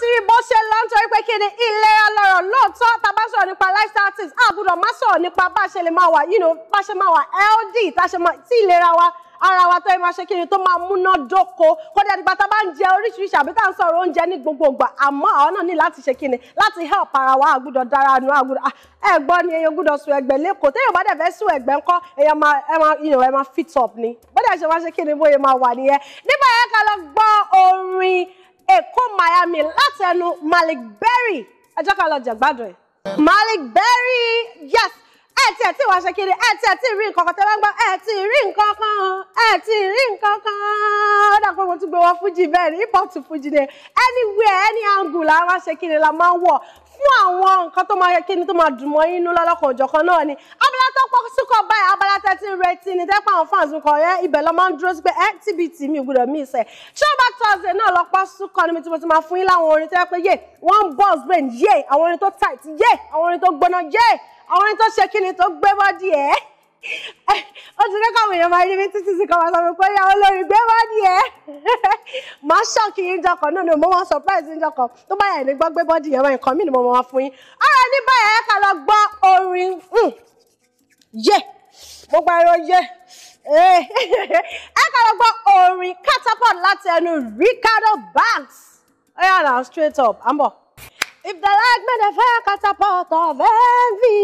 ti rí bó ṣe lọ nítorí pé kí ni ilé ọlọ́rọ̀ lóòótọ́ tá a bá sọ̀rọ̀ nípa lifestyle tips a gbọ́dọ̀ má sọ̀rọ̀ nípa bá ṣe lè máa wà you know bá a ṣe máa wà healthy tá a ṣe máa tí ìlera wa ara wa tó yẹ máa ṣe kí ni tó máa múná dóko kódà nígbà tá a bá ń jẹ oríṣiríṣi àbí tá à ń sọ̀rọ̀ oúnjẹ ní gbogbo ìgbà àmọ́ àwọn náà ní láti ṣe kí ni láti help ara wa àgùdọ̀ dára nu àgùdọ̀ ah, ẹ̀gbọ́n ni èèyàn gbọ́dọ̀ sun ẹ̀gbẹ́ lẹ́kọ̀ọ́ téèyàn bá dẹ̀ fẹ́ sun ẹ̀gbẹ́ ńkọ́ èèyàn máa ẹ máa fit up ni bó dẹ̀ ṣe máa ṣe kí ni bóyá máa wà nìyẹn nígbà yẹn ká lọ gbọ́ orin Èkó Miami láti ẹnu Malik Berry ẹ jẹ́ ká lọ jẹ̀gbádùn ẹ̀. Malik Berry yes ẹ ti ẹ ti wá ṣe kiri ẹ ti ẹ ti rí nǹkan kan tẹ́ ń gbọ́ ẹ ti rí nǹkan kan ẹ ti rí nǹkan kan fújì bẹ́ẹ̀ ni hip hop to fújì ni anywhere any angle la wá ṣe kí ni la máa ń wọ̀ fún àwọn nǹkan tó máa kí ni tó máa dùn mọ́ yín nú lọ́lọ́kan òjọ̀kan náà ni abala tó pọ̀ síkọ̀ báyìí abala tẹ́tí ń retí ni tẹ́pọ̀ àwọn fans kan yẹn ibẹ̀ lọ́ máa ń dúró sí pé tbt mi ò gbọdọ̀ mí ìsẹ̀ ṣọ́ọ̀bà tọ́sẹ̀ náà lọ pọ̀ síkọ̀ níbi tí mo ti máa fún yín láwọn orin tó yẹ pé yé one boss brain yé àwọn orin tó tight yé àwọn orin tó gbóná yé àwọn orin tó ṣe kí ni tó gbé bọ́dí ẹ̀ ó ti ní káwọn èèyàn máa rí mi títí sí kan máa sọ pé ó yà olórí gbé bọ́dí ẹ̀ máa ṣọ́ọ̀kì yín jọkọ̀ náà ni mo máa surprise yín jọkọ̀ tó bá yẹn ní gbọ́ gbé bọ́dì yẹn wọ́n nǹkan mí ni mo máa fún yín. ọ̀rọ̀ ní báyẹn ẹ ká lọ gbọ́ orin hmm. yé mo pariwo yé eh. ẹ ká lọ gbọ́ orin catapult láti ẹnu Ricardo Banks ẹ yà náà straight up àmọ́ if the light catapult of envy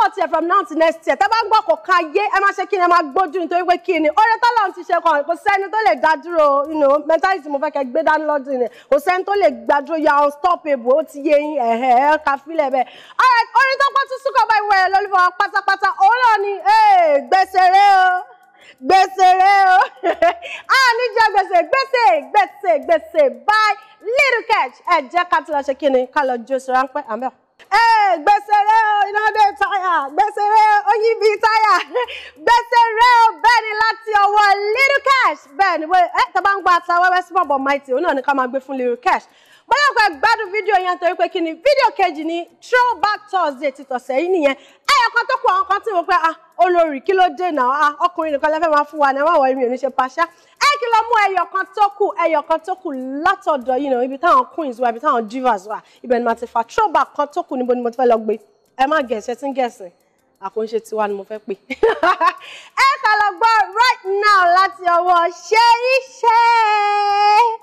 support yẹ from now to next year tẹ́ ń gbọ́ kò ká yé ẹ máa ṣe kí ni ẹ máa gbójú nítorí pé kí ni oore tọ́lọ́run ti ṣe kan kò sẹ́ni tó lè dá dúró mentality mo fẹ́ kẹ́ gbé dání lọ́dún ni kò sẹ́ni tó lè gbá dúró ya unstoppable ó ti yé yín ẹ̀hẹ̀ ká fílẹ̀ bẹ́ẹ̀. orin tó pọ̀ tún súnkọ̀ bá ìwé ẹ̀ lólùfọ̀ pátápátá òun náà ni gbèsè rẹ o gbèsè rẹ o Eh, gbèsèrè o iná dé táyà gbèsèrè o yí bí táyà gbèsèrè o bẹ́ẹ̀ ni láti ọwọ́ Little Cash bẹ́ẹ̀ ni ẹ eh, tẹ́ bá ń gba ata wẹ́wẹ́ sí bọ̀bọ̀ mighty òun náà ni ká máa gbé fún Little Cash bóyá ọ̀pẹ gbádùn fídíò yẹn torí pé kí ni fídíò kejì ni throwback Thursday ti tọ̀sẹ̀ yìí nìyẹn ẹ̀yọ̀kan tó kù àwọn kan tí mo pẹ́ ah olórí kí ló dé náà ah ọkùnrin nìkan lẹ́fẹ̀ẹ́ máa fún wa náà wọ́n wọ ẹ̀mí ò ní ṣe paṣá ẹ kí lọ mú ẹyọ kan tó kù ẹyọ kan tó kù látọ̀dọ̀ yìí náà queens wa ibi táwọn divas wa ibẹ̀ ni ti fa throwback kan tó kù níbo ni mo ti fẹ́ lọ gbé ẹ má gẹ̀ẹ́sẹ̀ tí ń gẹ̀ẹ́sẹ̀ àkóńṣe tiwa ni mo fẹ́ pè ẹ kà lọ gbọ́ right now láti ọwọ́ ṣe iṣẹ́.